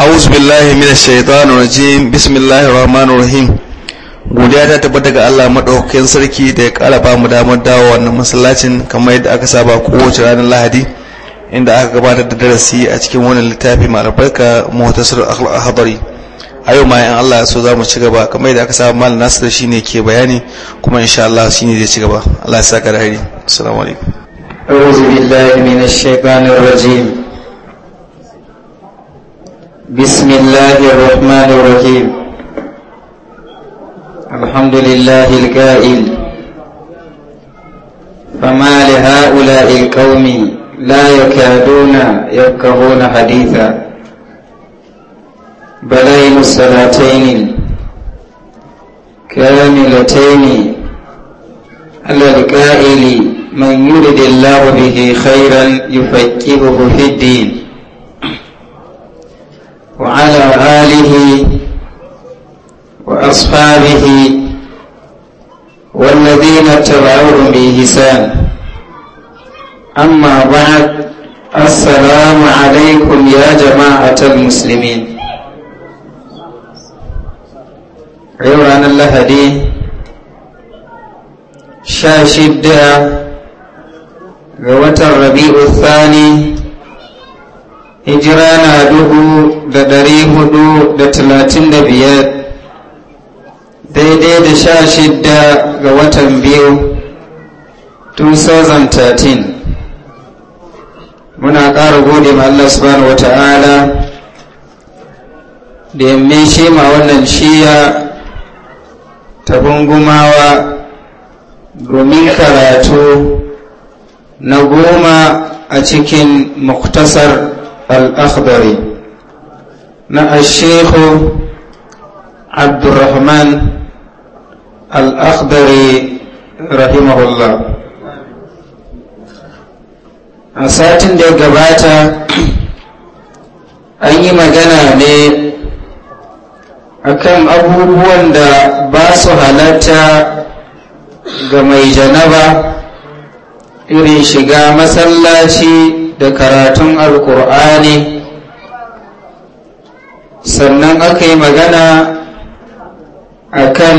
أعوذ بالله من الشيطان الرجيم بسم الله الرحمن الرحيم godiya ta tabbata ga Allah madaukakin sarki da ya kara ba mu damar dawo wannan masallacin kamar yadda aka saba kowace ranar Lahadi inda aka gabatar da darasi a cikin wannan littafi mai albarka muhtasar al-hadari a yau ma in Allah so za mu ci gaba kamar yadda aka saba mal Nasir shine ke bayani kuma insha Allah shine zai ci gaba Allah ya saka da hari assalamu alaikum a'udhu billahi minash shaitanir rajim بسم الله الرحمن الرحيم الحمد لله الكائل فما لهؤلاء القوم لا يكادون يفقهون حديثا بلين الصلاتين كاملتين على الكائل من يرد الله به خيرا يفكره في الدين وعلى آله وأصحابه والذين اتبعوهم بإحسان أما بعد السلام عليكم يا جماعة المسلمين عيوان اللهدي شاشد ga watan rabi'u hijira na dubu da ɗari hudu da talatin da biyar daidai da sha shida ga watan biyu 2013 muna ƙara gode ma Allah subhanahu wa ta'ala da yamme shi ma wannan shiya ta gungumawa domin karatu na goma a cikin muktasar al na ashehu abdurrahman al-akhdari rahimahullah a satin da ya gabata an yi magana ne akan abubuwan da ba su halatta ga mai janaba irin shiga masallaci da karatun alkur'ani sannan aka yi magana a kan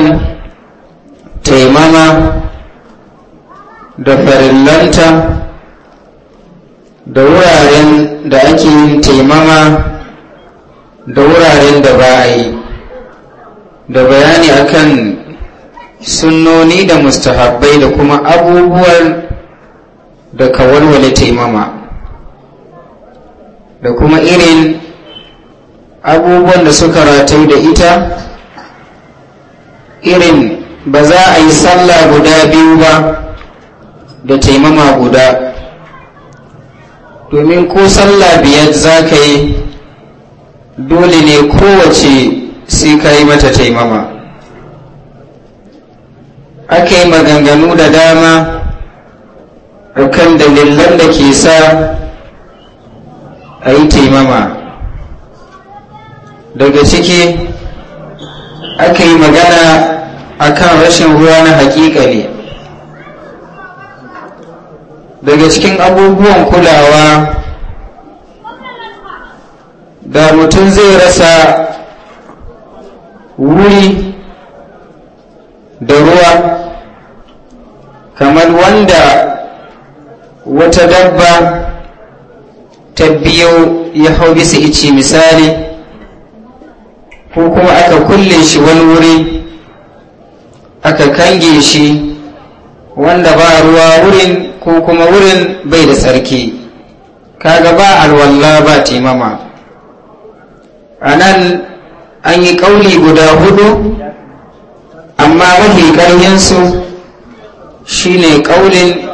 taimama da farillanta da wuraren da ake yin taimama da wuraren da ba a yi da bayani akan sunnoni da mustahabbai da kuma abubuwan da ka taimama da kuma irin abubuwan da suka ratu da ita irin ba za a yi sallah guda biyu ba da taimama guda domin ko sallah biyar za ka yi dole ne kowace sai ka yi mata taimama aka yi maganganu da dama a kan dalilan da ke sa a yi taimama daga ciki aka yi magana akan rashin ruwa na hakika ne daga cikin abubuwan kulawa da mutum zai rasa wuri da ruwa kamar wanda wata dabba ta biyo ya hau bisa ice misali ko kuma aka kulle shi wani wuri aka kange shi wanda ba ruwa wurin ko kuma wurin bai da tsarki kaga ba alwalla ba timama a nan an yi ƙauli guda hudu amma mafi shi shine ƙaulin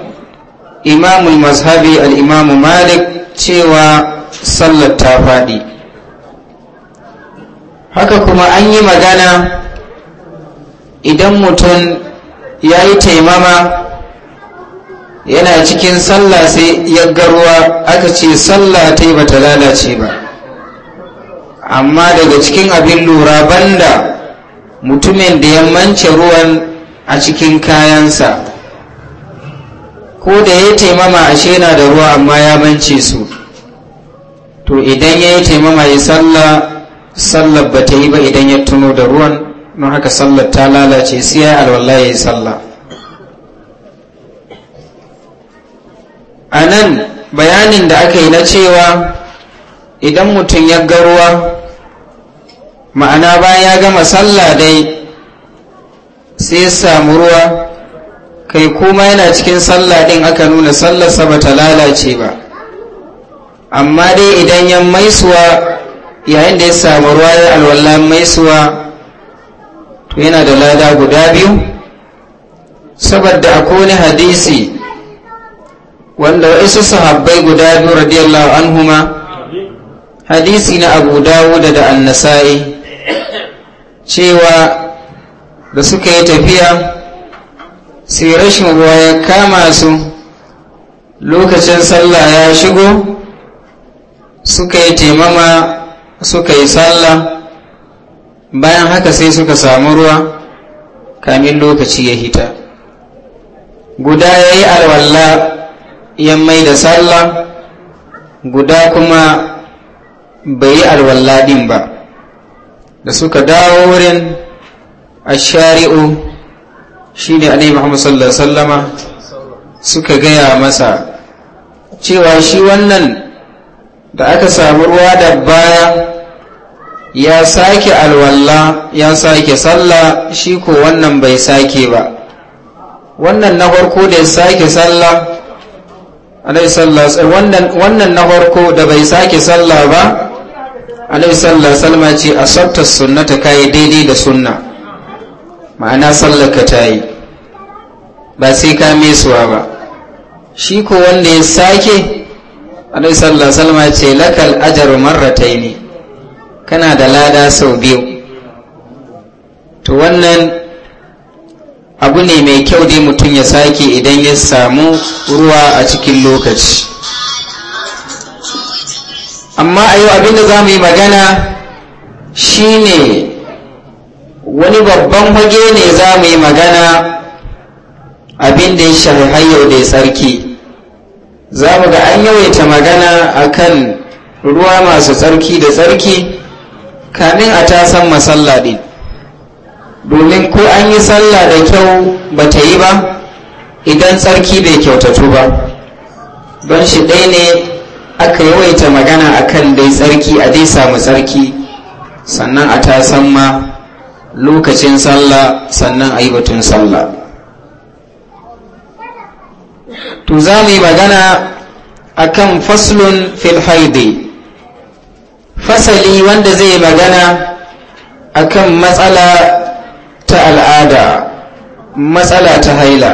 imamul mazhabi al'imamu malik cewa sallar ta faɗi haka kuma an yi magana idan mutum ya yi taimama yana cikin sallah sai ya yaggarwa aka ce sallah ta yi bata lalace ba amma daga cikin abin lura banda mutumin da ya mance ruwan a cikin kayansa ko da ya taimama ashe yana da ruwa amma ya mance su to idan ya yi taimama ya sallah sallar ba ta yi ba idan ya tuno da ruwan don haka sallar ta lalace sai ya alwala ya yi salla a nan bayanin da aka yi na cewa idan mutum ya ga ruwa ma'ana bayan ya gama sallah dai sai samu ruwa kai kuma yana cikin sallah din aka nuna sallarsa ba ta lalace ba amma dai idan ya maisuwa yayin da ya samu ruwa ya alwala maisuwa to yana da lada guda biyu saboda akwai wani hadisi wanda wasu sahabbai guda biyu radiyallahu anhuma hadisi na abu dawud da annasa'i cewa da suka yi tafiya sai rashin ruwa ya kama su lokacin sallah ya shigo suka yi taimama suka yi sallah bayan haka sai suka samu ruwa kamin lokaci ya hita guda ya yi alwallah ya mai da sallah guda kuma bai yi alwallah din ba da suka dawo wurin a shari'u shi ne Ali muhammad sallallahu sallama suka gaya masa cewa shi wannan da aka samu ruwa da baya ya sake alwalla ya sake sallah shi ko wannan bai sake ba wannan na farko da ya sake sallah alaihi sallallahu wannan wannan na farko da bai sake sallah ba alaihi sallallahu sallama ce asabta sunnata kai daidai da sunna ma'ana sallaka ta yi ba sai ka mesuwa ba shi ko wanda ya sake alai sallar salma ce lakal ajar marratai ne kana da lada sau biyu to wannan abu ne mai kyau dai mutum ya sake idan ya samu ruwa a cikin lokaci amma a yau abinda za mu yi magana shi ne. wani babban fage ne za mu yi magana abin da ya shafi hayyau da tsarki za mu ga an yawaita magana kan ruwa masu tsarki da tsarki kamin a tasan masalla din domin ko an yi sallah da kyau ba ta yi ba idan tsarki bai kyautatu ba don shi ɗaya ne aka yawaita magana akan dai tsarki a dai samu tsarki sannan a tasan ma lokacin sallah sannan a yi batun sallah to za mu yi magana a kan faslun filhaidi, fasali wanda zai yi magana a kan matsala ta al'ada matsala ta haila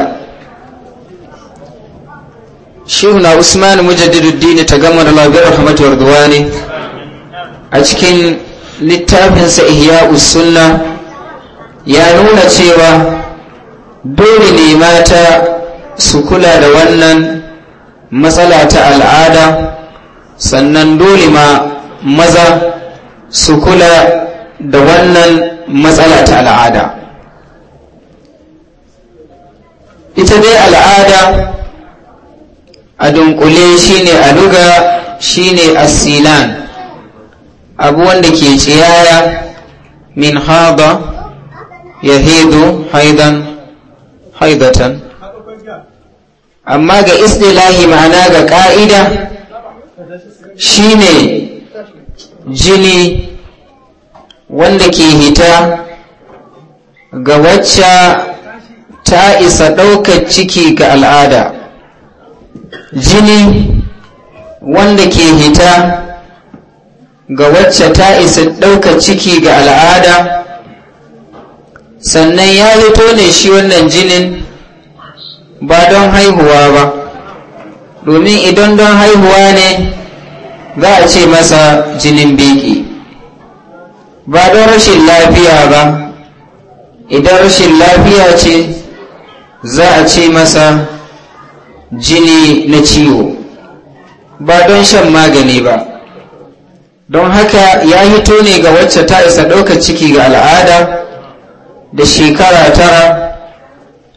na usman mujaddiduddin ta gama da labarin rahmatu ne a cikin littafinsa ihya usunna. ya nuna cewa dole ne mata su kula da wannan matsala ta al'ada sannan dole ma maza su kula da wannan matsala ta al'ada ita dai al'ada a dunkule shi ne a duga shine asilan abu wanda ke ciyaya min haba yahidu haidan haidatan amma ga istilahi ma'ana ga ƙa'ida shine jini wanda ke hita ga wacce ta isa ɗaukar ciki ga al'ada jini wanda ke hita ga wacce ta isa ɗaukar ciki ga al'ada sannan ya hito ne shi wannan jinin ba don haihuwa ba domin idan don haihuwa ne za a ce masa jinin biki ba don rashin lafiya ba idan rashin lafiya ce za a ce masa jini na ciwo ba don shan magani ba don haka ya hito ne ga wacce ta isa ɗaukar ciki ga al'ada da shekara tara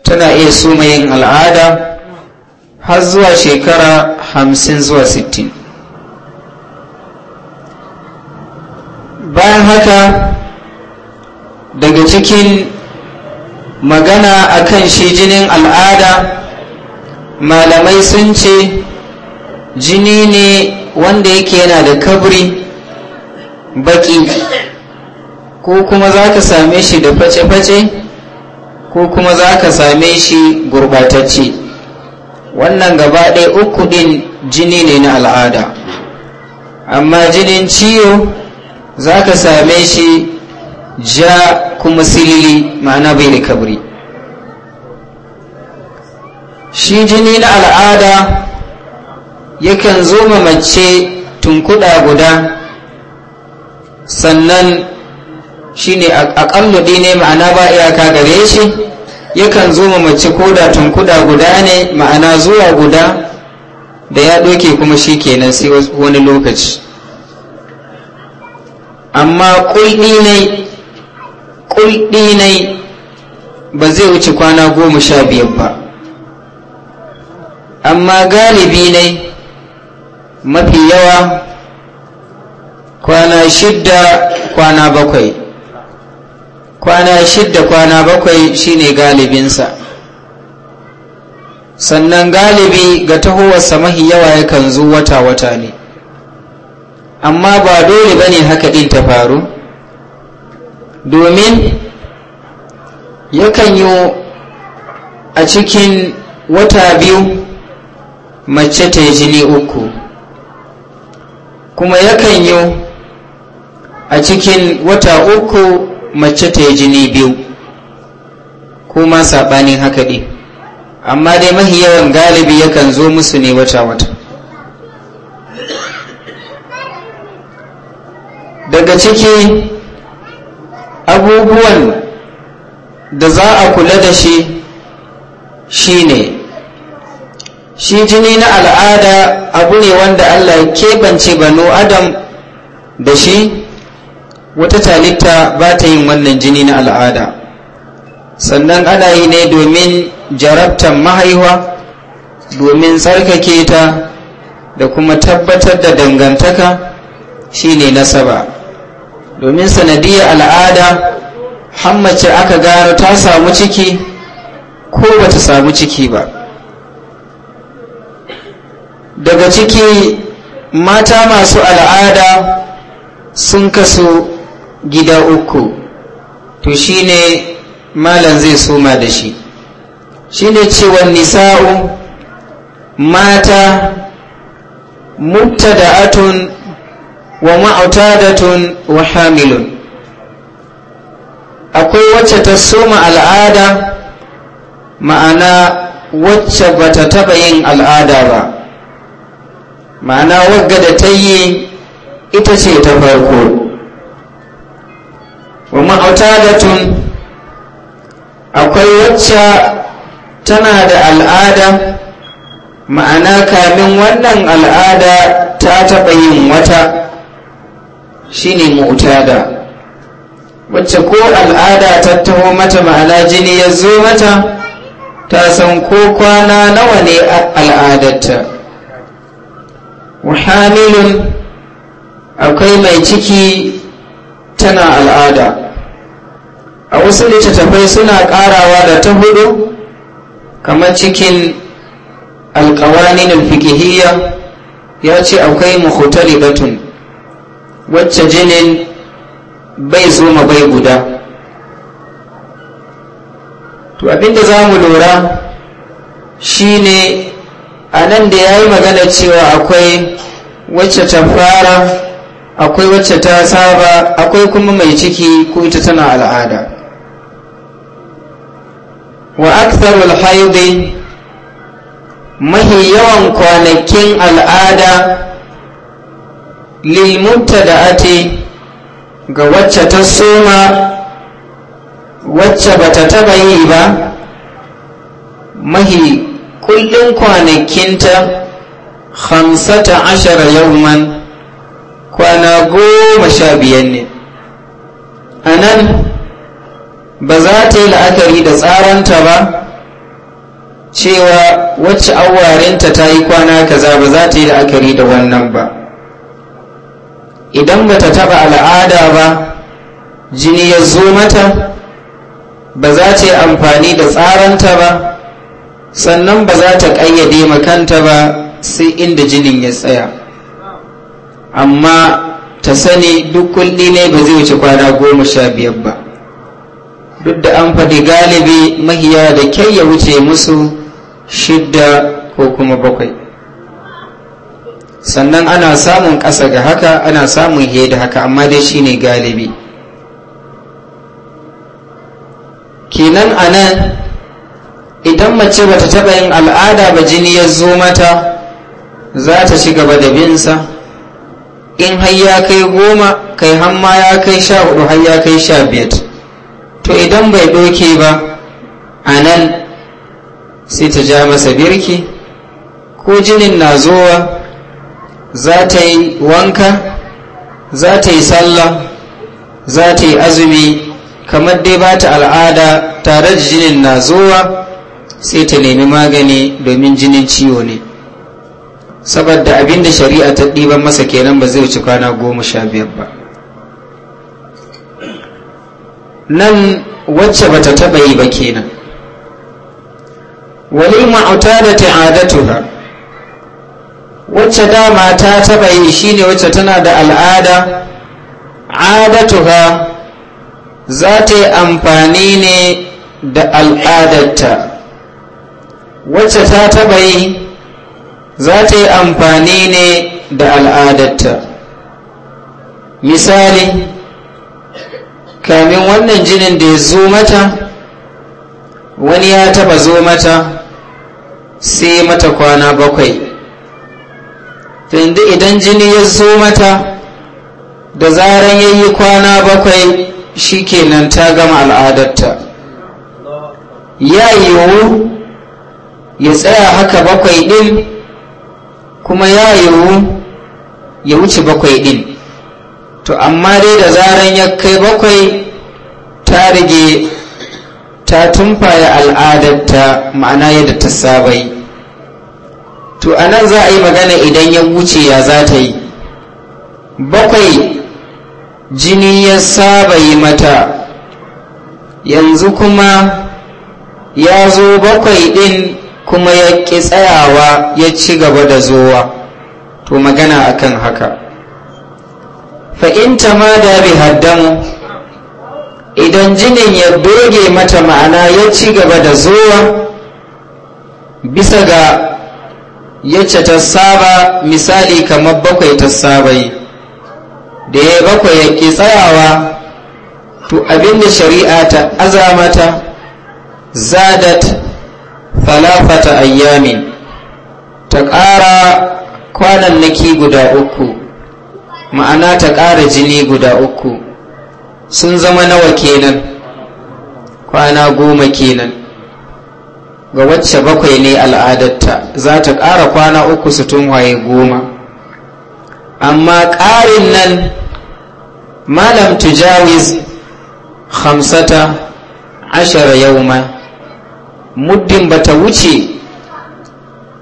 tana iya suma yin al'ada har zuwa shekara hamsin zuwa sittin bayan haka daga cikin magana a kan shi jinin al'ada malamai sun ce jini ne wanda yake yana da kabri baki ko kuma za ka same shi da face-face ko kuma za ka same shi gurbatacce wannan gaba ɗaya uku ɗin jini ne na al'ada amma jinin ciwo za ka same shi ja kuma silili ma'ana bai da kabri shi jini na al'ada yakan zo mace tunkuɗa guda sannan shine aƙalludi ne ma'ana ba iyaka gare shi yakan zo ma mace koda tunkuda guda ne ma'ana zuwa guda da ya doke kuma shi kenan sai wani lokaci amma kulɗi ne ba zai wuce kwana goma sha biyar ba amma galibi ne mafi yawa kwana shidda kwana bakwai kwana shidda kwana bakwai shine galibinsa sannan galibi ga tahowarsa mahi yawa yakan zo wata-wata ne amma ba dole ba ne haka ɗin ta faru domin yakan yi a cikin wata biyu mace ta yi jini uku kuma yakan yi a cikin wata uku mace ta yi jini biyu ma saɓanin haka ɗi amma dai mahi yawan galibi yakan zo musu ne wata-wata daga ciki abubuwan da za a kula da shi shi ne. shi jini na al'ada abu ne wanda allah ya keɓance banu adam da shi wata talitta ba ta yin wannan jini na al'ada sannan ana yi ne domin jarabtar mahaihuwa domin tsarkake ta da kuma tabbatar da dangantaka shine nasaba domin sanadiyar al'ada hammace aka gano ta samu ciki ko ba ta samu ciki ba daga ciki mata masu al'ada sun kaso gida uku to shine malam zai soma da shi shine cewa nisa'u mata mubtada'atun wa tun wa hamilun akwai wacce ta soma al'ada ma'ana wacce bata taɓa yin al'ada ba ma'ana wagga da ta yi ita ce ta farko wa ma'utadatun akwai wacce tana da al'ada ma'ana kamin wannan al'ada ta taɓa yin wata shine mu'tada wacce ko al'ada ta taho mata ma'ana jini ya zo mata ta san ko kwana nawa ne al'adarta hamilun akwai mai ciki tana al'ada a wasu littattafai suna karawa da ta hudu kamar cikin alƙawanin fikihiyya ya ce akwai mahutari batun wacce jinin bai zoma bai guda to abinda za mu lura shine a nan da ya yi magana cewa akwai wacce ta fara akwai wacce ta saba akwai kuma mai ciki ko ita tana al'ada wa aktharul haidi mahi yawan kwanakin al'ada lil mubtada'ati ga wacce ta soma wacce bata taba yi ba mahi kullum kwanakinta hamsata ashara yawman kwana goma sha biyan ne a nan ba za ta yi la'akari da tsaranta ba cewa wacce awarenta ta yi kwana kaza ba za ta yi la'akari da wannan ba idan ba ta taɓa al'ada ba jini ya zo mata ba za ta yi amfani da tsaranta ba sannan ba za ta ƙayyade makanta ba sai inda jinin ya tsaya amma ta sani duk kulli ne ba zai wuce kwana goma sha biyar ba duk da an faɗi galibi mahiya da kyai ya wuce musu shidda ko kuma bakwai sannan ana samun ƙasa ga haka ana samun hiye da haka amma dai shi ne galibi kenan a nan idan mace bata taɓa yin al'ada ba jini ya zo mata za ta ci gaba da binsa in har ya kai goma kai hamma ya kai sha hudu har ya kai sha biyar to idan bai doke ba a nan sai ta ja masa birki ko jinin na zowa za ta yi wanka za ta yi sallah za ta yi azumi kamar dai ba ta al'ada tare da jinin na zowa sai ta nemi magani domin jinin ciwo ne saboda abinda shari'a ta ɗiban masa kenan ba zai wuce kwana goma sha biyar ba nan wacce bata taɓa yi ba kenan walil ma'auta da ta'adatuha wacce dama ta taɓa yi shine wacce tana da al'ada adatuha za ta yi amfani ne da al'adarta wacce ta taɓa yi za ta yi amfani ne da al'adarta misali kamin wannan jinin da ya zo mata wani ya taba zo mata sai mata kwana bakwai tunda idan jini ya zo mata da zaran ya yi kwana bakwai shi kenan ta gama al'adarta ya yiwu ya tsaya haka bakwai ɗin kuma ya yiwu ya wuce bakwai ɗin to amma dai da zaran ya kai bakwai ta rage ta tumfaya al'adarta ma'ana yadda ta sabai to a nan za a yi magana idan ya wuce ya za ta yi bakwai jini ya saba yi mata yanzu kuma ya zo bakwai ɗin kuma ya ƙi tsayawa ya ci gaba da zowa to magana akan haka ta ma da bi haddamu idan jinin ya doge mata ma'ana ya ci gaba da zowa bisa ga yacce ta saba misali kamar bakwai ta saba yi da ya bakwai ya ƙi tsayawa to abinda shari'a ta azamata zadat falafata ayyamin ta ƙara kwanan naki guda uku ma'ana ta ƙara jini guda uku sun zama nawa kenan kwana goma kenan ga wacce bakwai ne al'adarta za ta ƙara kwana uku su tun waye goma amma ƙarin nan malam tujawiz hamsata ashara ma. muddin bata wuce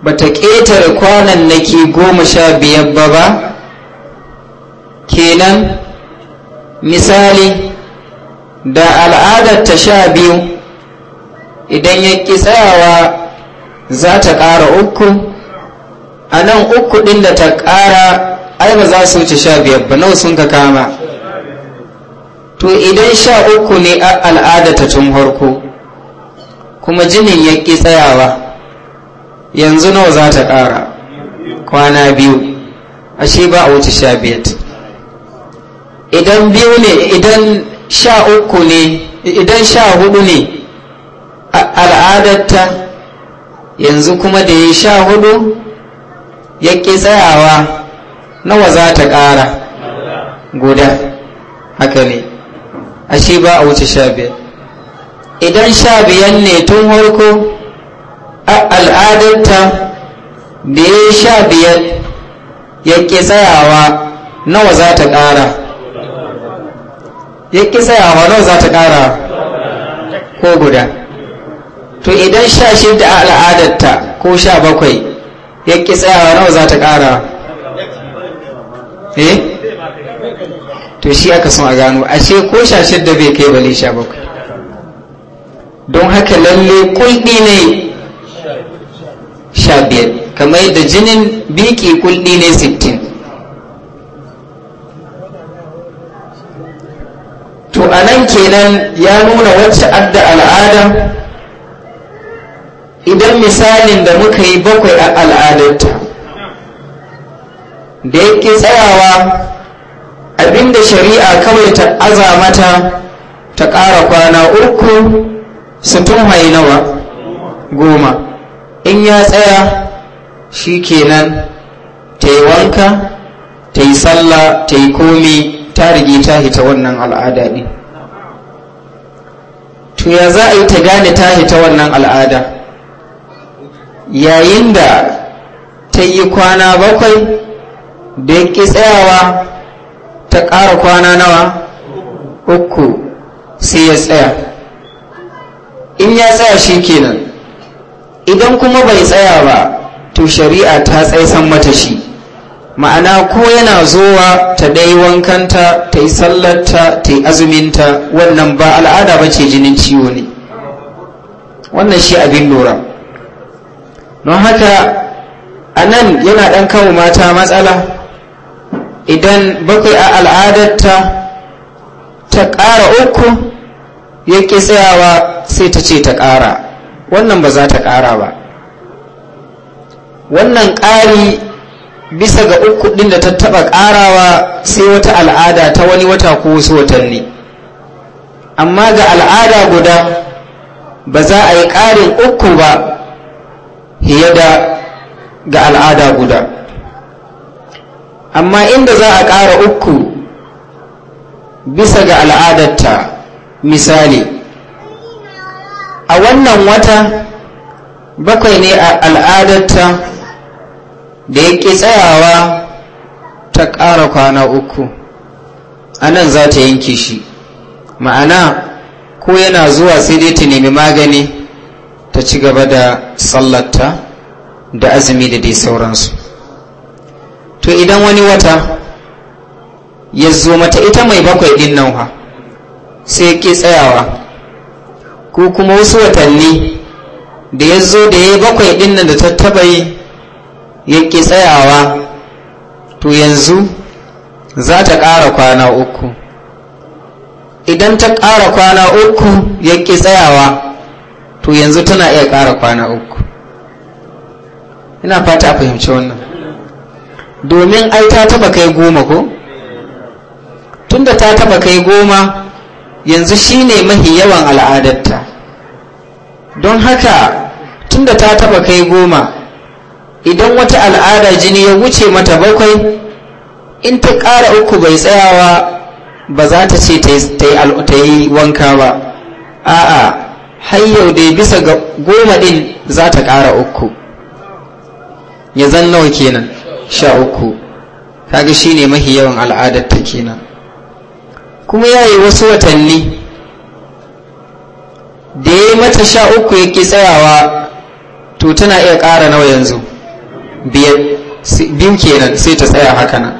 bata ƙetare kwanan naki goma sha biyar ba ba kenan misali da al'adar ta sha biyu idan ya ƙi tsayawa za ta ƙara uku a nan uku ɗin da ta ƙara ai ba za su wuce sha biyar ba nawa sun ka kama to idan sha uku ne al'ada ta tun farko kuma jinin ya ƙi tsayawa yanzu nawa za ta ƙara kwana biyu ashe ba a wuce sha biyar idan biyu ne idan sha uku ne idan sha hudu ne al'adarta yanzu kuma da ya sha hudu ya ƙi tsayawa nawa za ta ƙara guda haka ne ashe ba a wuce sha biyar idan sha biyan ne tun harko a al'adarta da ya sha biyar ya ƙi tsayawa nawa za ta ƙara ya ƙi tsayawa nawa za ta ƙara ko guda to idan sha shida a al'adarta ko sha bakwai ya ƙi tsayawa nawa za ta ƙara eh to shi aka son a gano ashe ko sha shida bai kai bale sha bakwai don haka lalle kulɗi ne sha biyar kamar yadda jinin biki kulɗi ne sittin to a nan kenan ya nuna wacce adda al'ada idan misalin da muka yi bakwai a al'adarta da yake tsayawa abinda shari'a kawai ta aza mata ta ƙara kwana uku sittin waye nawa goma in ya tsaya shi kenan ta yi wanka ta yi sallah ta yi komi ta rige ta hita wannan al'ada ne to ya za a yi ta gane ta hita wannan al'ada yayin da ta yi kwana bakwai da ki tsayawa ta ƙara kwana nawa uku sai ya tsaya in ya tsaya shi kenan idan kuma bai tsaya ba to shari'a ta tsaisan mata shi ma'ana ko yana zowa ta dai wankanta ta yi sallarta ta yi azuminta wannan ba al'ada ba ce jinin ciwo ne wannan shi abin lura don haka a nan yana ɗan kawo mata matsala idan bakwai a al'adarta ta ƙara uku ya tsayawa sai ta ce ta ƙara wannan ba za ta ƙara ba wannan ƙari bisa ga uku ɗin da ta taɓa ƙarawa sai wata al'ada ta wani wata ko wasu watanni amma ga al'ada guda ba za a yi ƙarin uku ba fiye da ga al'ada guda amma inda za a ƙara uku bisa ga al'adarta misali a wannan wata bakwai ne a al'adarta da ya ƙi tsayawa ta ƙara kwana uku a nan za ta yanke shi ma'ana ko yana zuwa sai dai ta nemi magani ta ci gaba da sallarta da azumi da dai sauransu to idan wani wata ya zo mata ita mai bakwai ɗin nan sai ke tsayawa ko kuma wasu watanni da ya zo da ya yi bakwai ɗin da da tattaba yi ya ke tsayawa to yanzu za ta ƙara kwana uku idan ta ƙara kwana uku ya ke tsayawa to yanzu tana iya ƙara kwana uku ina fata a fahimci wannan domin ai ta taba kai goma ko tunda ta taba kai goma yanzu shine mahi yawan al'adarta don haka tunda ta taba kai goma idan wata al'ada jini ya wuce mata bakwai in ta ƙara uku bai tsayawa ba za ta ce ta yi wanka ba a'a har yau dai bisa ga goma ɗin za ta ƙara uku ya zan nawa kenan sha uku kaga shine mahi yawan al'adatta kenan kuma ya yi wasu watanni da ya yi mata sha uku yake tsayawa to tana iya ƙara nawa yanzu biyu kenan sai ta tsaya haka nan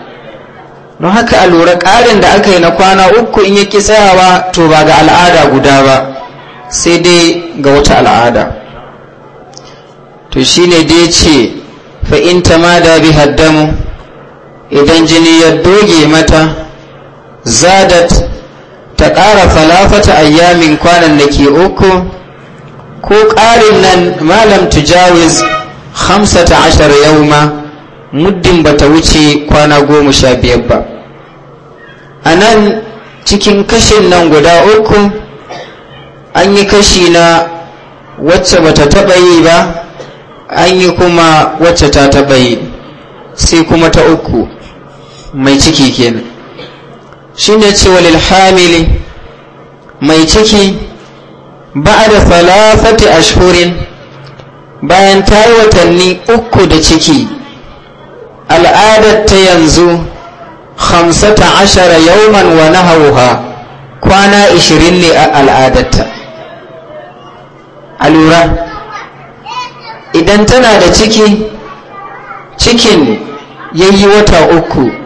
don haka a lura ƙarin da aka yi na kwana uku in yake tsayawa to ba ga al'ada guda ba sai dai ga wata al'ada to shi shine dai ce fa'in ma da bi haddamu idan jini ya doge mata zadat ta ƙara falafata ayyamin kwanan da ke uku ko ƙarin nan malam tujawiz hamsata ashar ma muddin ba ta wuce kwana goma sha biyar ba a nan cikin kashin nan guda uku an yi kashi na wacce ba ta taɓa yi ba an yi kuma wacce ta taɓa yi sai kuma ta uku mai ciki kenan shi ce walil lilhamili mai ciki ba da falafati ashhurin bayan ta yi watanni uku da ciki al'adar ta yanzu hamsata ashara yauman wa nahawuha kwana ishirin ne a al'adarta a lura idan tana da ciki cikin yayi wata uku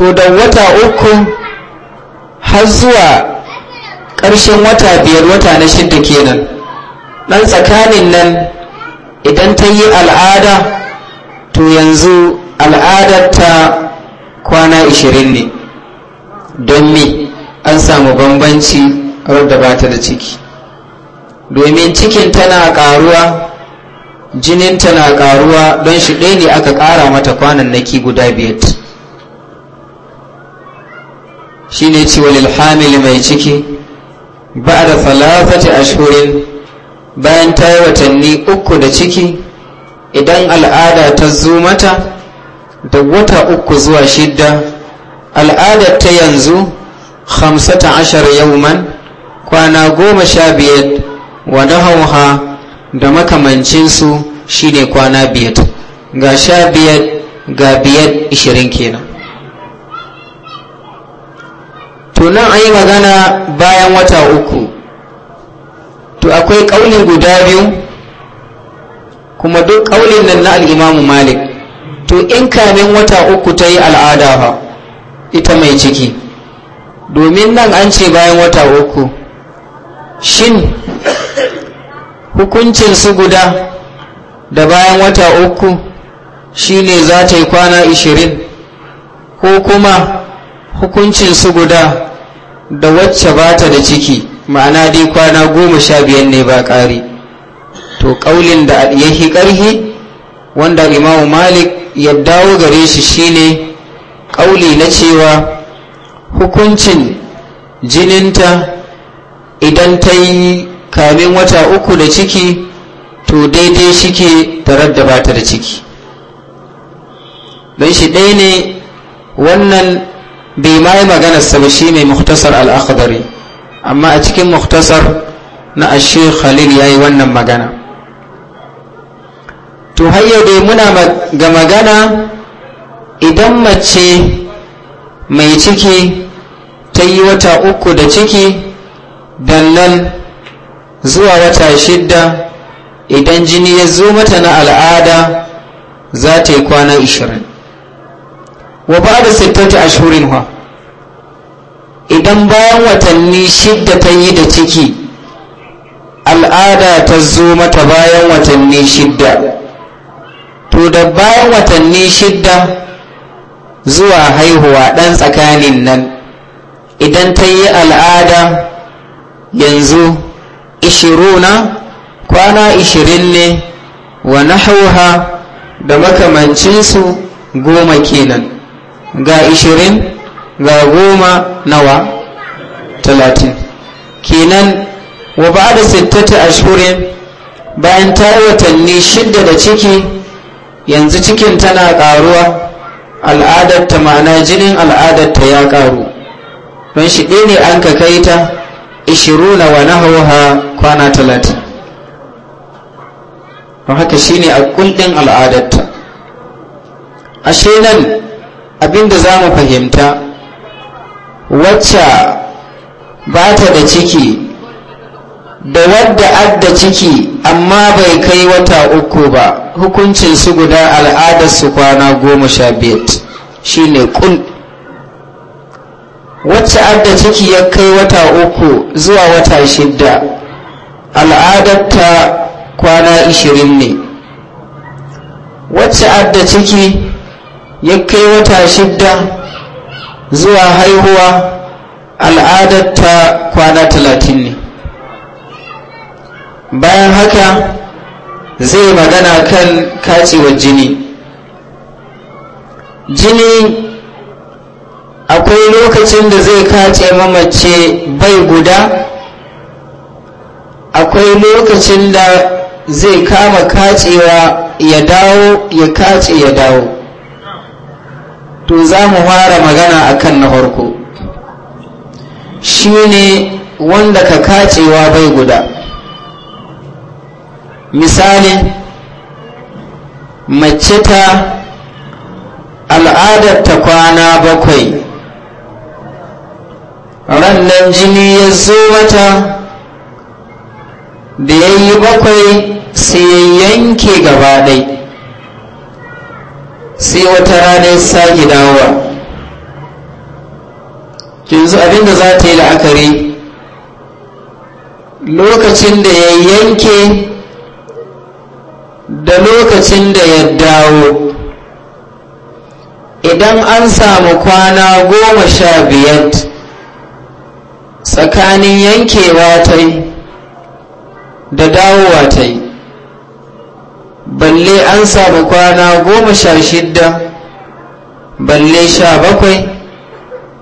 to da wata uku har zuwa ƙarshen wata biyar wata na shidda kenan ɗan tsakanin nan idan ta yi al'ada to yanzu al'adarta kwana ishirin ne don me an samu bambanci da bata da ciki domin cikin tana ƙaruwa jinin tana ƙaruwa don shi ɗaya ne aka ƙara mata kwanan naki guda biyar shi ne ce walil hamil mai ciki ba da falafata ashirin bayan ta yi watanni uku da ciki idan al'ada ta zo mata da wata uku zuwa shidda al'adar ta yanzu hamsata ashar man kwana goma sha biyar wa nahauha da makamancinsu shine kwana biyar ga sha biyar ga biyar ishirin kenan to nan an yi magana bayan wata uku to akwai ƙaunin guda biyu kuma duk ƙaulin nan na al'imamu malik to in kamin wata uku ta yi al'ada ba ita mai ciki domin nan an ce bayan wata uku shin hukuncin su guda da bayan wata uku shine za ta yi kwana ishirin ko kuma hukuncin su guda da wacce bata da ciki ma'ana dai kwana goma sha biyan ne ba ƙari to ƙaulin da yahi ƙarhi wanda imamu malik ya dawo gare shi shine ƙauli na cewa hukuncin jininta idan ta yi kamin wata uku da ciki to daidai shike tarar da bata da ciki don shi ɗaya ne wannan bai ma yi maganarsa ba shi mai muktasar al'akhdari amma a cikin muktasar na ashe khalil ya yi wannan magana to har yau dai muna ga magana idan mace mai ciki ta yi wata uku da ciki dallal zuwa wata shidda idan jini ya zo mata na al'ada za ta yi kwana ashirin. wa ba da sittati shurin ha idan bayan watanni shidda ta yi da ciki al'ada ta zo mata bayan watanni shidda to da bayan watanni shidda zuwa haihuwa ɗan tsakanin nan idan ta yi al'ada yanzu ishiruna kwana ishirin ne wa nahauha da makamancinsu goma kenan ga ishirin ga goma nawa talatin kenan wa ba da sittata ashirin bayan ta yi watanni shidda da ciki yanzu cikin tana karuwa al'adarta ma'ana jinin al'adarta ya karu don shi ne an ka kai ta ishiruna wa nahauha kwana talatin don haka shine a kundin al'adarta ashe nan abinda za mu fahimta wacce ba ta da ciki da wadda adda ciki amma bai kai wata uku ba hukuncin su guda al'adarsu kwana goma sha biyat shi ne kul wacce adda ciki ya kai wata uku zuwa wata shidda al'adarta kwana ishirin ne wacce adda ciki ya kai wata shidda zuwa haihuwa ta kwana talatin ne bayan haka zai magana kan kacewar jini jini akwai lokacin da zai kace mamace bai guda akwai lokacin da zai kama kacewa ya dawo ya kace ya dawo to za mu fara magana akan na farko shi ne wanda ka kacewa bai guda misali. mace ta al'adar ta kwana bakwai rannan jini ya zo mata da ya yi bakwai sai ya yanke ɗaya sai wata rana ya sake dawowa yanzu abinda za ta yi la'akari lokacin da ya yanke da lokacin da ya dawo idan an samu kwana goma sha biyar tsakanin yankewa ta yi da dawowa ta yi balle an samu kwana goma sha shidda balle sha bakwai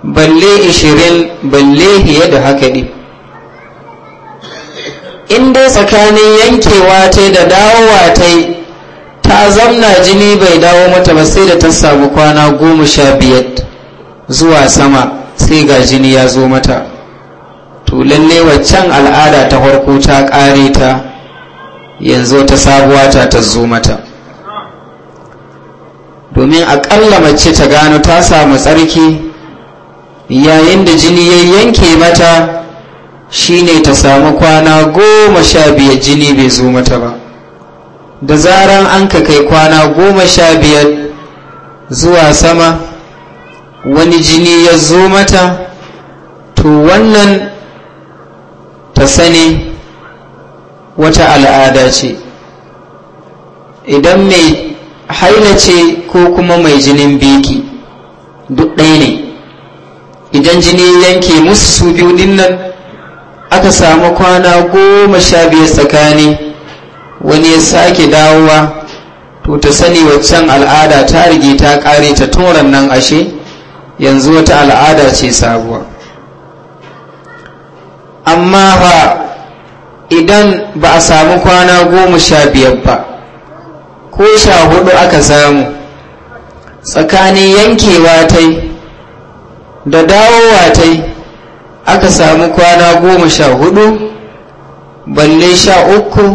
balle ishirin balle fiye da haka ne in dai tsakanin yankewa ta da dawowa ta ta zamna jini bai dawo mata ba sai da ta samu kwana goma sha biyar zuwa sama sai ga jini ya zo mata to lalle waccan al'ada ta farko ta ƙare ta yanzu ta sabuwa ta ta zo mata domin aƙalla mace ta gano ta samu tsarki yayin da jini ya yanke mata shine ta samu kwana goma sha biyar jini bai zo mata ba da zaran an ka kai kwana goma sha biyar zuwa sama wani jini ya zo mata to wannan ta sani wata al'ada ce idan mai haila ce ko kuma mai jinin biki duk ɗaya ne idan jini yanke musu su biyu dinnan aka samu kwana goma sha biyar tsakani wani ya sake dawowa to ta sani waccan al'ada ta rige ta ƙare ta turanan nan ashe yanzu wata al'ada ce sabuwa amma ba idan ba a samu kwana goma sha biyar ba ko sha hudu aka samu tsakanin yankewa ta da dawowa ta aka samu kwana goma sha hudu balle sha uku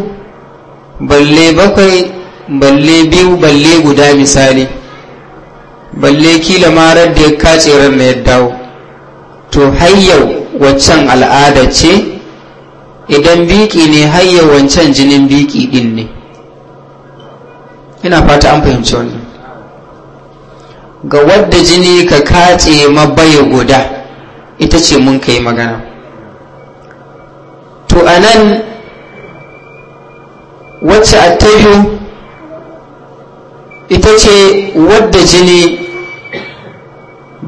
balle bakwai balle biyu balle guda misali balle kila marar da ya kace ran mai dawo to har yau waccan al'ada ce idan biki ne hayya wancan jinin biki din ne ina fata an fahimci wannan ga wadda jini ka kace mabaya guda ita ce mun kai magana to anan wacce attahiyu ita ce wadda jini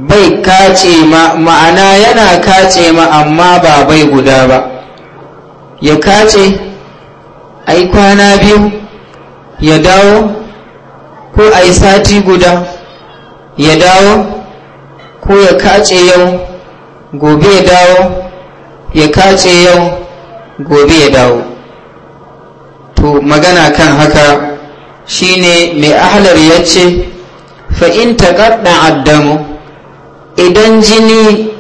bai kace ma ma'ana yana kace ma amma ba bai guda ba ya kace a kwana biyu ya dawo ko a sati guda ya dawo ko ya kace yau gobe ya dawo ya kace yau gobe ya dawo to magana kan haka shine mai ahlar ya ce fa'in taƙaɗa addamu idan jini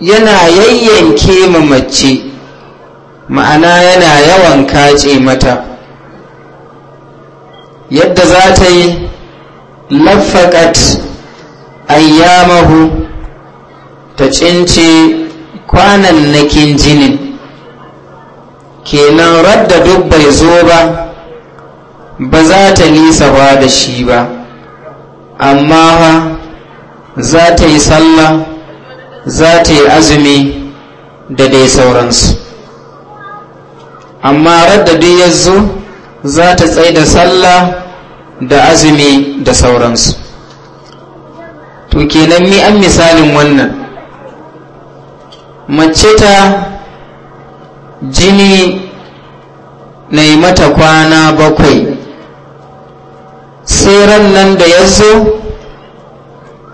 yana yayyanke mace. ma'ana yana yawan kace mata yadda za ta yi laffaƙat ayyamahu ta cince kwanan nakin jinin kenan radda duk bai zo ba ba za ta nisawa da shi ba amma ha za ta yi sallah za ta yi azumi da dai sauransu amma radda duk ya zo za ta tsaye da sallah da azumi da sauransu to kenan mi an misalin wannan mace ta jini na yi mata kwana bakwai sai nan da ya zo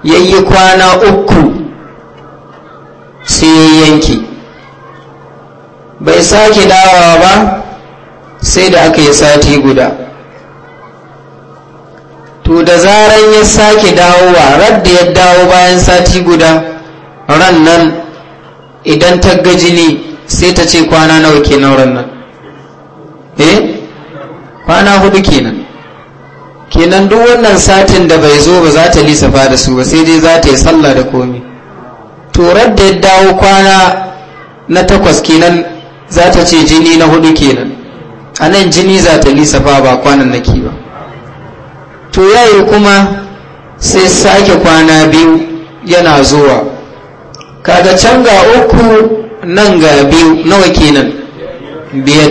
ya yi kwana uku sai yanki bai sake dawowa ba sai da aka yi sati guda to da zaran ya sake dawowa radda ya dawo bayan sati guda ran nan idan ta gaji ne sai ta ce kwana nawa kenan ran nan eh kwana hudu kenan kenan duk wannan satin da bai zo ba za ta lissafa da su ba sai dai za ta yi sallah da komi to radda ya dawo kwana na takwas kenan za ta ce jini na hudu kenan a nan jini za ta lissafa ba kwanan naki ba to yayi kuma sai sake kwana biyu yana zuwa kaga can ga uku nan ga biyu nawa kenan biyar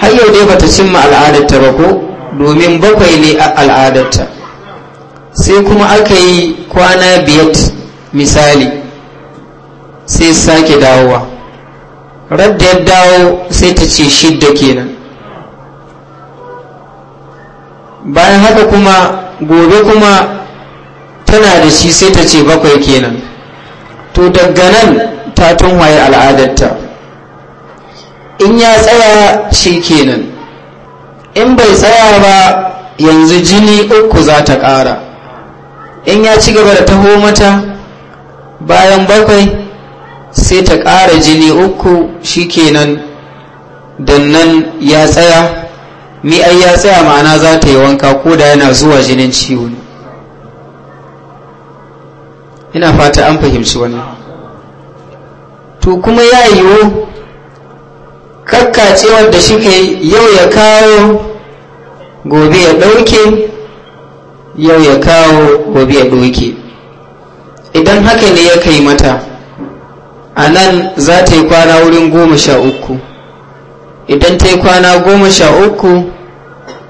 har yau dai bata cimma al'adarta ba ko domin bakwai ne a al'adarta sai kuma aka yi kwana biyar misali sai sake dawowa radda ya dawo sai ta ce shidda kenan bayan haka kuma gobe kuma tana da shi sai ta ce bakwai kenan to daga nan ta tunwaye al'adarta in ya tsaya shi kenan in bai tsaya ba yanzu jini uku za ta ƙara in ya ci gaba da taho mata bayan bakwai sai ta ƙara jini uku shi shikenan dannan ya tsaya mi ai ya tsaya ma'ana za ta yi wanka ko da yana zuwa jinin ciwo ina fata an fahimci wani. to kuma ya yiwu kakkacewar da shi ke yau ya kawo gobe ya ɗauke yau ya kawo gobe ya ɗauke idan haka ne ya kai mata a nan za ta yi kwana wurin goma sha uku idan ta yi kwana goma sha uku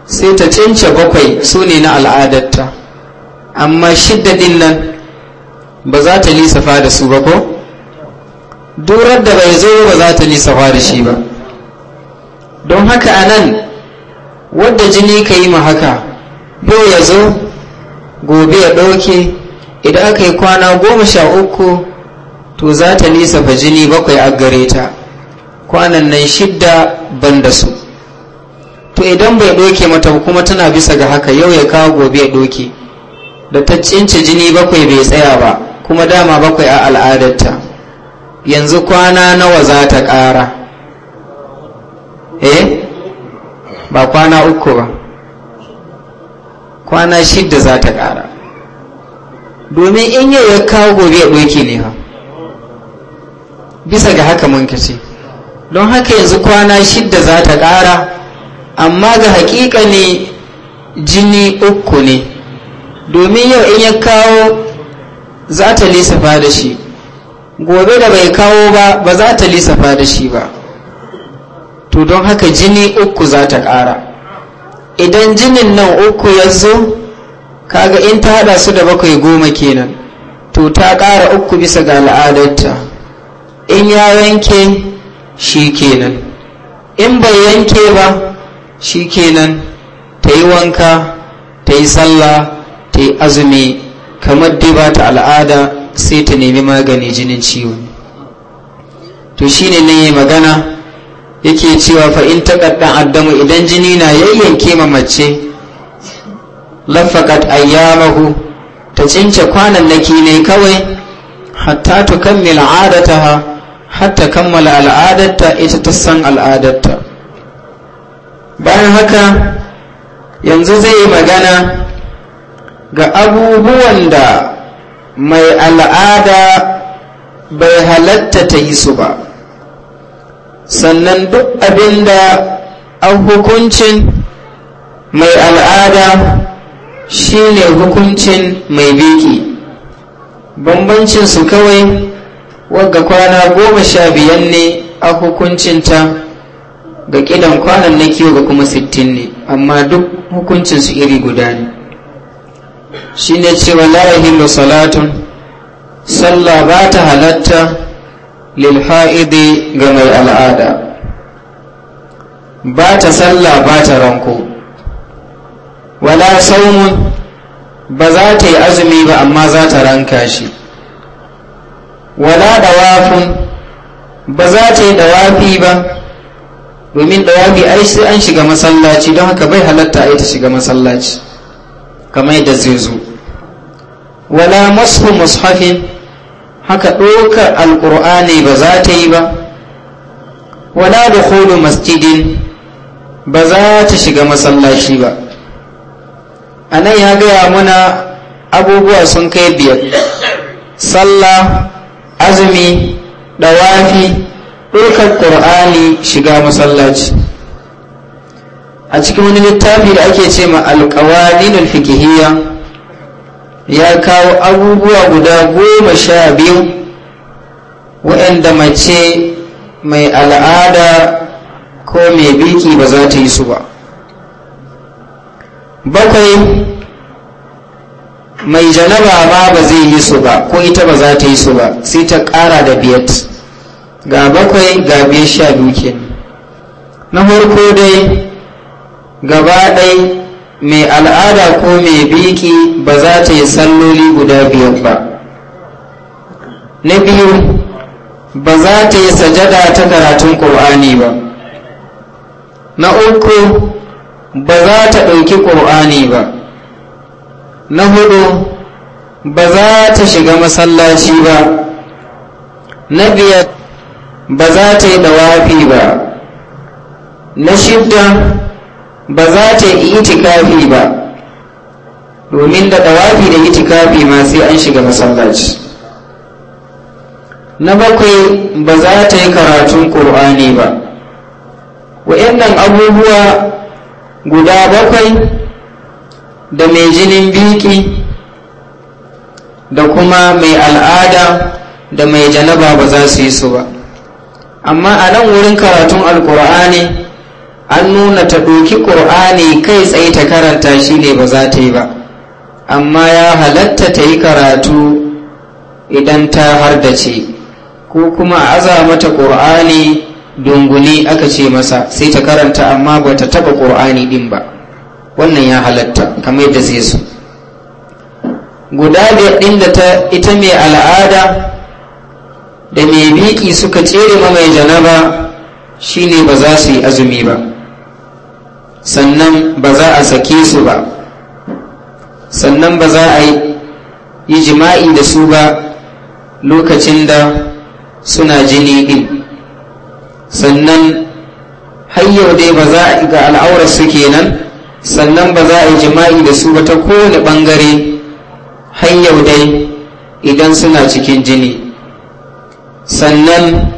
sai ta cince bakwai su ne na al'adarta amma shidda nan ba za ta lisafa da su ba ko durar da bai zo ba za ta lisafa da shi ba don haka a nan wadda jini ka yi ma haka yau ya zo gobe ya ɗauke idan aka yi kwana goma sha uku to za ta lissafa jini bakwai a gare ta kwanan nan shidda ban da su to idan bai ɗoke mata kuma tana bisa ga haka yau ya kawo gobe ya ɗoke da ta cince jini bakwai bai tsaya ba kuma dama bakwai a al'adarta yanzu kwana nawa za ta ƙara eh ba kwana uku ba kwana shidda za ta ƙara domin in yau ya kawo gobe ya ɗoke ne ha bisa ga haka mun kace don haka yanzu kwana shidda za ta ƙara amma ga haƙiƙa ne jini uku ne domin yau in ya kawo za ta lissafa da shi gobe da bai kawo ba ba za ta lissafa da shi ba to don haka jini uku za ta ƙara idan jinin nan uku ya zo kaga in ta hada su da bakwai goma kenan to ta ƙara uku bisa ga al'adarta in ya yanke shi kenan in bai yanke ba shi kenan ta yi wanka ta yi sallah ta yi azumi kamar dai ba ta al'ada sai ta nemi magani jinin ciwon to shine ne magana yake cewa fa'in ta taƙaddan addamu idan jini na yayyanke ma mace lafakat ayyamahu ta cince kwanan naki ne kawai hatta tukammila adataha hatta kammala al'adarta ita ta san al'adarta bayan haka yanzu zai yi magana ga abubuwan da mai al'ada bai halatta ta yi su ba sannan duk abin da an hukuncin mai al'ada shine hukuncin mai biki bambancin su kawai wagga kwana goma sha biyan ne a hukuncinta ga kidan kwanan na kiwo ga kuma sittin ne amma duk su iri guda ne shi ne cewa la'ahilu salatun sallah ba ta halatta lilha'idi ga mai al'ada ba ta sallah ba ta ranko wala saumun ba za ta yi azumi ba amma za ta ranka shi wala dawafin ba za ta yi dawafi ba domin dawafi ai sai an shiga masallaci don haka bai halatta yi ta shiga masallaci kamar yadda zai zo wala masu mushafin haka ɗaukar alƙur'ani ba za ta yi ba wala da masjidin ba za ta shiga masallaci ba a nan ya gaya muna abubuwa sun kai biyar sallah azumi dawafi ɗaukar ƙur'ani shiga masallaci a cikin wani littafi da ake ce ma alƙawanin fikihiyya ya kawo abubuwa guda goma sha biyu waɗanda mace mai al'ada ko mai biki ba za ta yi su ba bakwai mai janaba ma ba zai yi su ba ko ita ba za ta yi su ba sai ta ƙara da biyat ga bakwai ga biyar sha duke na farko dai gaba ɗai mai al'ada ko mai biki ba za ta yi salloli guda biyar ba na biyu ba za ta yi sajada ta karatun ƙur'ani ba na uku ba za ta ɗauki ƙur'ani ba na hudu ba za ta shiga masallaci ba na biyar ba za ta yi dawafi ba na shidda ba za ta yi itikafi ba domin da dawafi da itikafi ma sai an shiga masallaci na bakwai ba za ta yi karatun ƙur'ani ba wa'annan abubuwa guda bakwai da mai jinin biki da kuma mai al'ada da mai janaba ba za su yi su ba amma a nan wurin karatun alkur'ani an nuna ta ɗoki ƙur'ani kai tsaye ta karanta shi ne ba za ta yi ba amma ya halatta ta yi karatu idan ta ce. ko kuma a aza mata ƙur'ani dunguni aka ce masa sai ta karanta amma ba ta taɓa ƙur'ani ɗin ba wannan ya halatta kamar yadda zai su guda biyar ɗin da ta ita mai al'ada da mai biki suka tsere ma mai janaba shine ba za su yi azumi ba sannan ba za a sake su ba sannan ba za a yi jima'i da su ba lokacin da suna jini ɗin sannan har dai ba za a ga al'aurar su kenan sannan ba za a yi jima'i da su ba ta kowane ɓangare Hanyar dai idan suna cikin jini sannan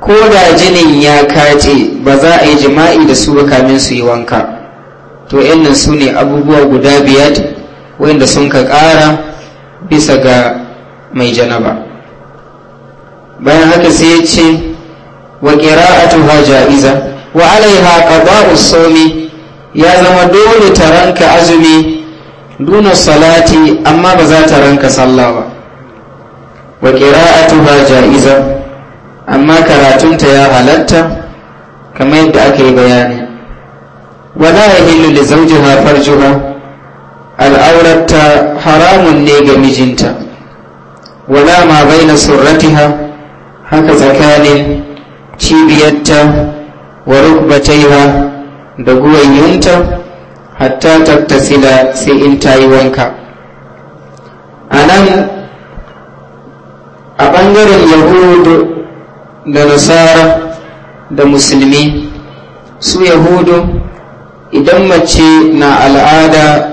ko da jinin ya kace ba za a yi jima'i da su ba kamin su yi wanka to yannan su ne abubuwa guda biyar wanda sun ka ƙara bisa ga mai janaba bayan haka sai ya ce wa ƙira'atu ha ja'iza wa alaiha qada'u sawmi ya zama dole ta ranka azumi duna salati amma ba za ta ranka sallah ba wa tuba ja'iza amma karatunta ya halatta kamar yadda aka yi bayani wala yahillu li hafar juna. al'aurata haramun ne ga mijinta wala ma baina surratiha haka tsakanin cibiyarta wa rukbataiha da yunta hatta tattasila sai in ta yi wanka a nan a ɓangaren yahudu da nasara da musulmi su yahudu idan mace na al'ada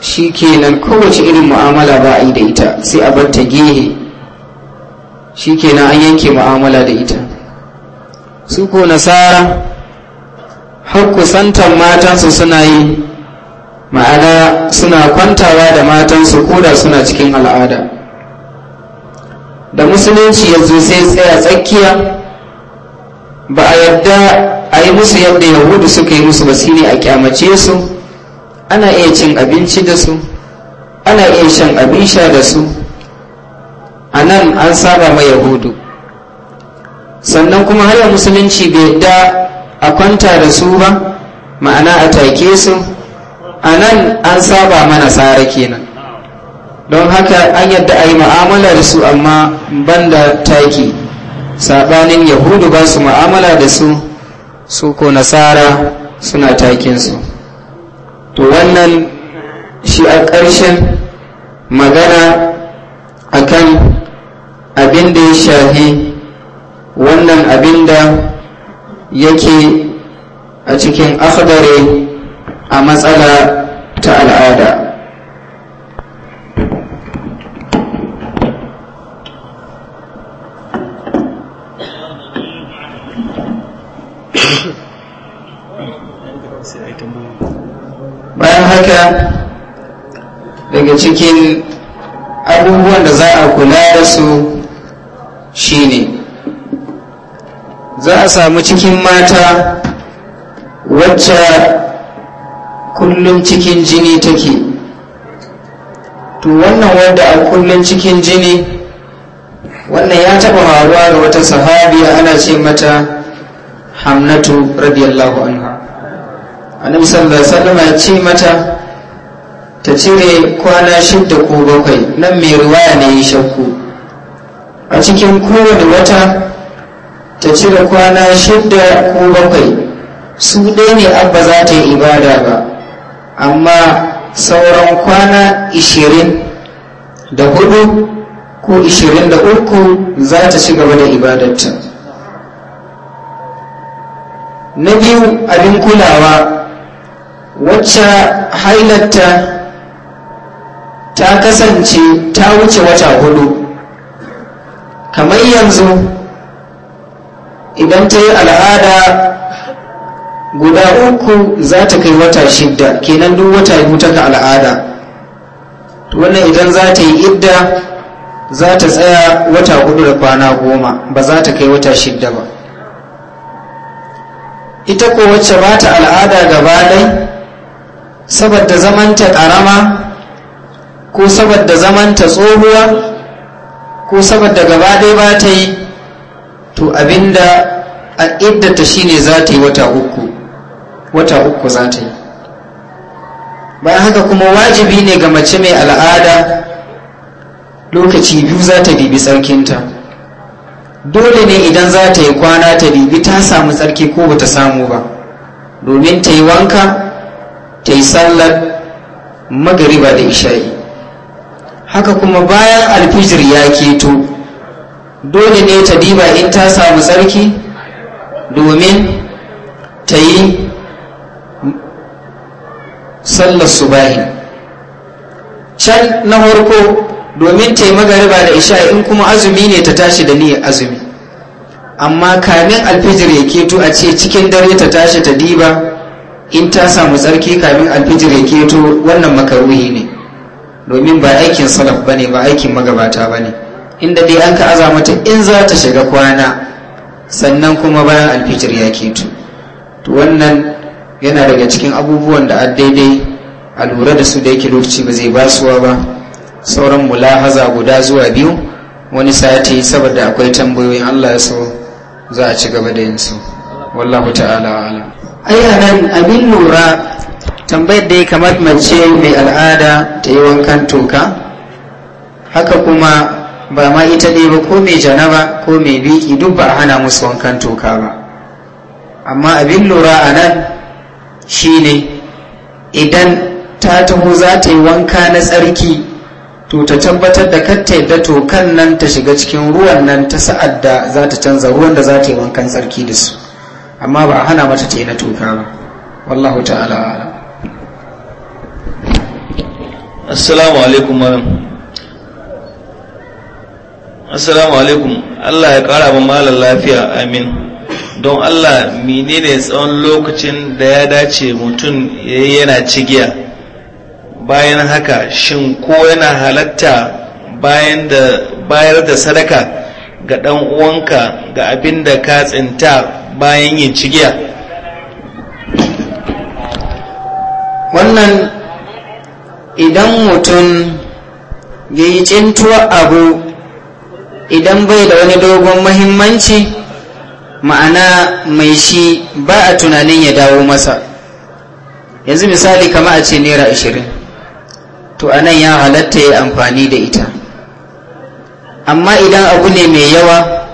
shi kenan kowace irin mu'amala ba a yi da ita sai a bar ta gehe shi kenan an yanke mu'amala da ita su ko nasara har kusantan matansu suna yi ma'ana suna kwantawa da matansu koda suna cikin al'ada da musulunci ya sai tsaya tsakiya ba a yarda a yi musu yadda yahudu suka yi musu ba ne a kyamace su ana iya cin abinci da su ana iya shan abin sha da su a nan an saba ma yahudu sannan kuma har musulunci bai da a kwanta da su ba ma'ana a take su a nan an saba mana tsara kenan don haka an yadda a yi mu'amala da su amma ban da taki saɓanin yahudu ba su mu'amala da su su ko nasara suna takinsu to wannan shi a ƙarshen magana a kan abin da ya shahi wannan abin da yake a cikin akhdare a matsala ta al'ada bayan haka daga cikin abubuwan da za a kula da su za a samu cikin mata wacce kullum cikin jini take to wannan wanda a kullum cikin jini wannan ya taba faruwa da wata sahabiya ana ce mata hamnatu radiyallahu anha annabi sallallahu alaihi wasallam ya ce mata ta cire kwana shida ko bakwai nan mai ruwaya ne ya shakku a cikin kowane wata ta cire kwana shidda ko bakwai su ɗaya ne abba za ta yi ibada ba amma sauran kwana ishirin da hudu ko ishirin da uku za ta ci gaba da ibadarta na biyu abin kulawa wacce hailatta ta kasance ta wuce wata hudu kamar yanzu idan ta yi al'ada guda uku za ta kai wata shidda kenan duk wata yi ta al'ada wannan idan za ta yi idda za ta tsaya wata hudu da kwana goma ba za ta kai wata shidda ba ita ko wacce ba ta al'ada gabaɗai saboda zamanta ƙarama ko saboda zamanta tsohuwa ko saboda gaba gabaɗai ba ta yi to abinda a ta shine za ta yi wata uku wata uku za ta yi bayan haka kuma wajibi ne ga mace mai al'ada lokaci biyu za ta bibi tsarkinta dole ne idan za ta yi kwana ta bibi ta samu tsarki ko ba ta samu ba domin ta yi wanka ta yi sallar magariba da isha'i haka kuma bayan alfijir ya keto dole ne ta diba in ta samu tsarki domin ta yi sallar subahi can na harko domin ta yi magariba da isha in kuma azumi ne ta tashi da niyyar azumi amma kamin alfijir ya keto a ce cikin dare ta tashi ta diba in ta samu tsarki kamin alfijir ya keto wannan makaruhi ne domin ba aikin salaf bane ba aikin magabata bane ne inda dai an ka aza mata in za ta shiga kwana sannan kuma bayan alfitir ya keto to wannan yana daga cikin abubuwan da daidai a lura da su da yake lokaci ba zai basuwa ba sauran mulahaza guda zuwa biyu wani sati saboda akwai tambayoyin allah ya so za a ci gaba da yin su wallahu ta'ala ala ayyanan abin lura tambayar da ya kamar mace mai al'ada ta yi wankan toka haka kuma ba ma ita ɗaya ba ko mai ba ko mai biki duk ba a hana musu wankan toka ba amma abin lura a nan shine idan ta taho za ta yi wanka na tsarki to ta tabbatar da katta yadda tokan nan ta shiga cikin ruwan nan ta sa'ad da za ta canza ruwan da za ta yi wankan tsarki da su amma ba a hana mata ta yi na toka ba wallahu ta'ala assalamu alaikum assalamu alaikum Allah ya kara ma malam lafiya amin don Allah menene tsawon lokacin da ya dace mutum ya yi yana cigiya bayan haka shin ko yana halatta bayan da bayar da sadaka ga ɗan uwanka ga abin da ka tsinta bayan yin cigiya wannan idan mutum ya yi abu idan bai da wani dogon mahimmanci ma'ana mai shi ba a tunanin ya dawo masa yanzu misali kama a ce naira ashirin to a nan ya halatta ya amfani da ita amma idan abu ne mai yawa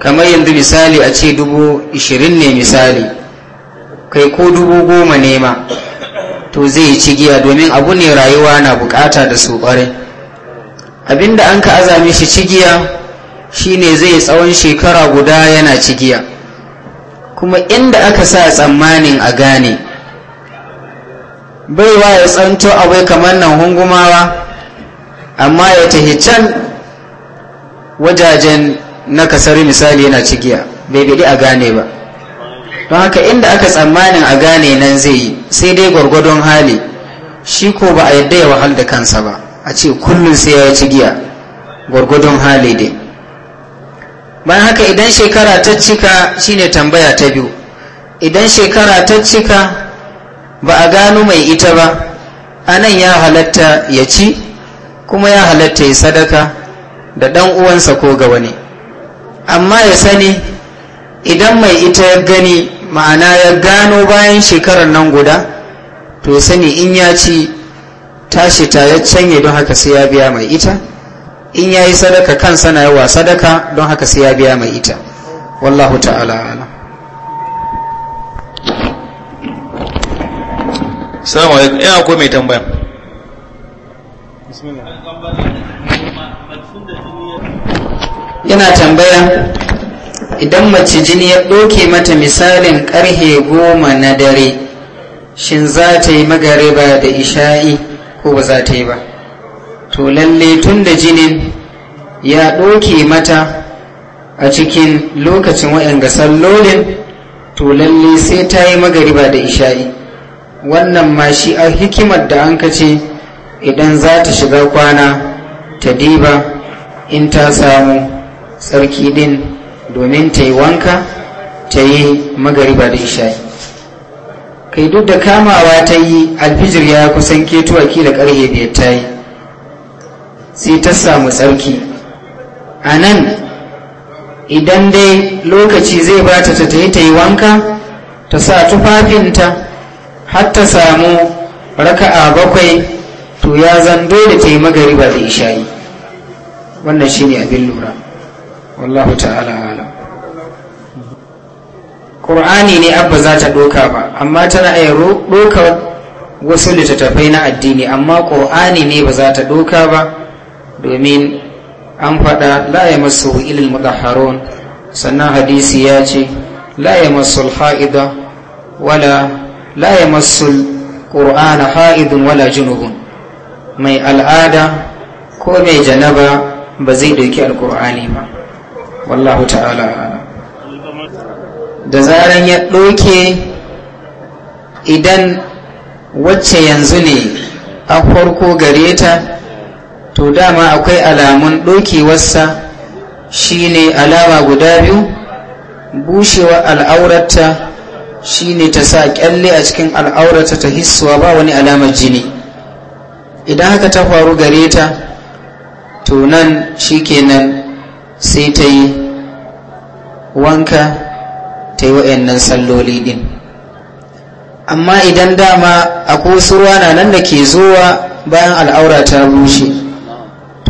kamar yanzu misali a ce dubu ishirin ne misali kai ko dubu goma ne ma to zai yi cigiya domin abu ne rayuwa na bukata da su abinda an ka azami shi cigiya shine zai tsawon shekara guda yana cigiya kuma inda aka sa tsammanin a gane baiwa ya tsanto abai kamar nan hungumawa amma ya tahi can wajajen na kasari misali yana cigiya bai gadi a gane ba don haka inda aka tsammanin a gane nan zai yi sai dai gwargwadon hali shi ko ba a yadda ya wahal da kansa ba a ce kullum sai ya ci giya gwargwadon hali dai bayan haka idan shekara ta cika shine tambaya ta biyu idan shekara ta cika ba a gano mai ita ba anan ya halatta ya ci kuma ya halatta ya sadaka da ɗan uwansa ko ga wani amma ya sani idan mai ita ya gani ma'ana ya gano bayan shekarar nan guda to ya sani in ya ci tashi ta ya canye don haka sai ya biya mai ita in ya yi sadaka kansa na yawa sadaka don haka sai ya biya mai ita wallahu ta'ala ala salamu alaikum ina mai tambaya yana tambaya idan mace jini ya ɗoke mata misalin ƙarhe goma na dare shin za ta yi magariba da isha'i ko ba za ta yi ba to lalle tun da jinin ya ɗauke mata a cikin lokacin waɗanda sallolin to lalle sai ta yi magariba da isha'i wannan ma shi a hikimar da an kace idan za ta shiga kwana ta diba in ta samu tsarki din domin ta yi wanka ta yi magariba da isha'i kai duk da kamawa ta yi alfijir ya kusan ketuwa kila karye biyar ta yi sai ta samu tsarki a nan idan dai lokaci zai ba ta ta yi ta yi wanka ta sa tufafinta har ta samu raka'a bakwai to ya zando da ta yi magariba da ishayi wannan shi ne abin lura wallahu ta'ala ala ƙur'ani ne abba za ta ɗoka ba amma tana iya ɗoka wasu littattafai na addini amma ƙur'ani ne ba za ta ɗoka ba domin an faɗa la masu ilil mutaharon sannan hadisi ya ce la masu ha'ida wala la masu ƙur'ana ha'idun wala junubun mai al'ada ko mai janaba ba zai ɗauki alƙur'ani ba wallahu ta'ala da zaran ya ɗauke idan wacce yanzu ne a farko gare ta to dama akwai alamun ɗokewarsa shine alama guda biyu bushewa al'aurata shine ta sa kyalle a cikin al'aurata ta hissuwa ba wani alamar jini idan haka ta faru gare ta to nan shi kenan sai ta yi wanka ta yi wa'annan salloli din amma idan dama a ruwa na nan da ke zuwa bayan al'aura ta bushe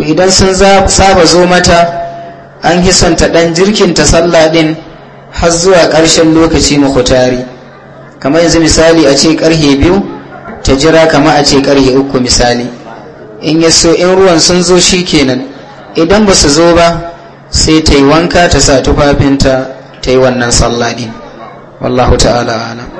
to idan sun saba zo mata an hisanta ɗan jirkinta sallah ɗin har zuwa ƙarshen lokaci mahutari kamar yanzu misali a ce ƙarhe biyu ta jira kama a ce ƙarhe uku misali in ya so in ruwan sun zo shi kenan idan ba su zo ba sai ta yi wanka ta sa tufafinta ta yi wannan sallah ɗin wallahu ta'ala alam